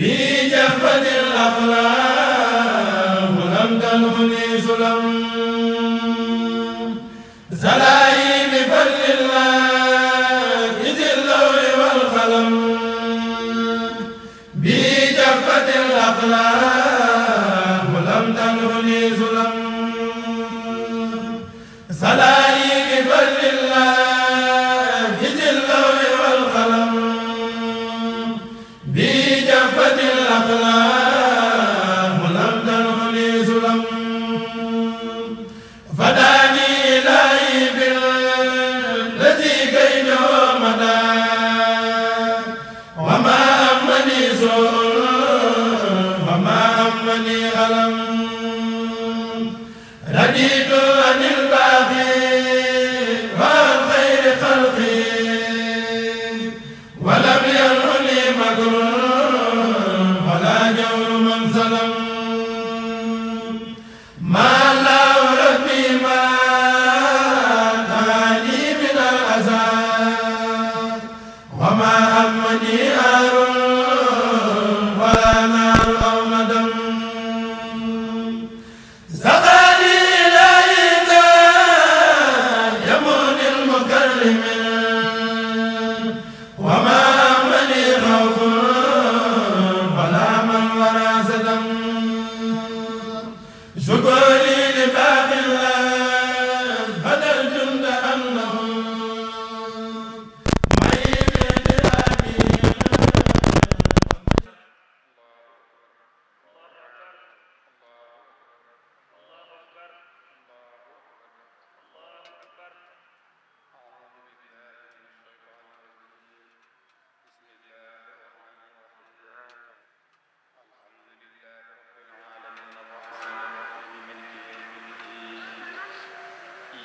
bi jafadil axlaq مني ألم رديت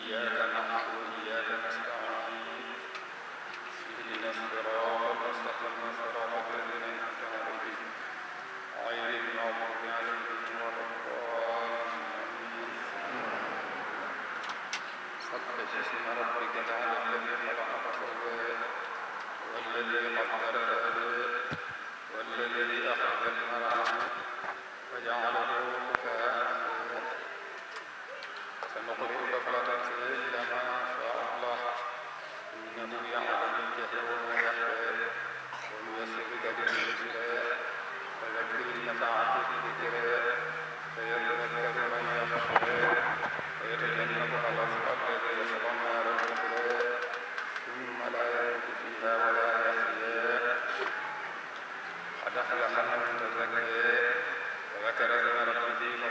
Yeah.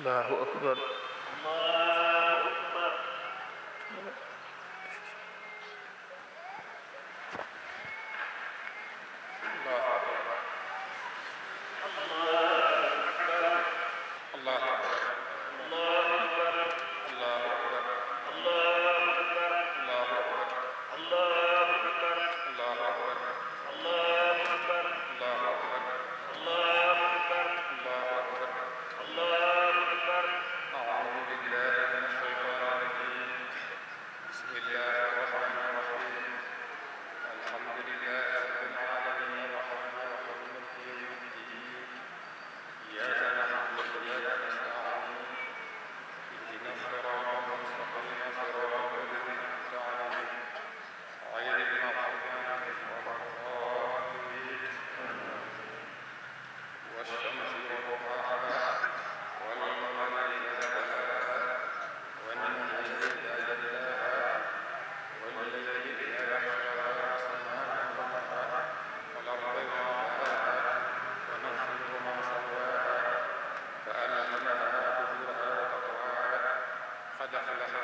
allahu akbar ndax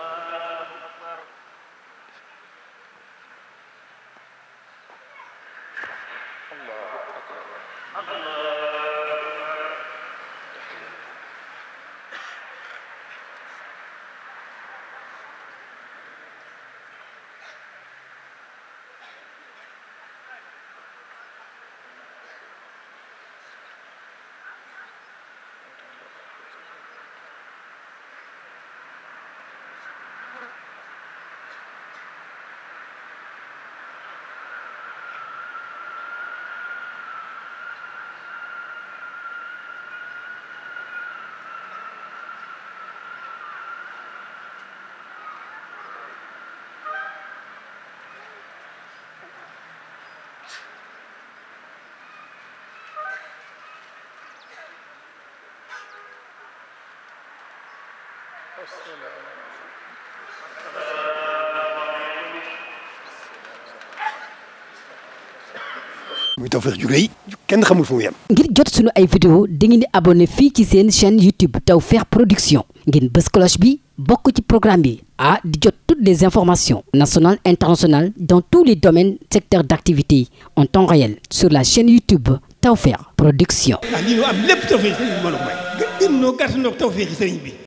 muy Tawfekh ju rëy kenn xamul fu mu ngir jot sunu ay vidéo dangeen di abonne fii ci seen chaîne YouTube Tawfekh Production ngeen bës cloche bi bokk ci programme bi ah di jot toutes des informations nationales internationales dans tous les domaines secteurs d'activité en temps réel sur la chaine YouTube Tawfekh Production. ah lii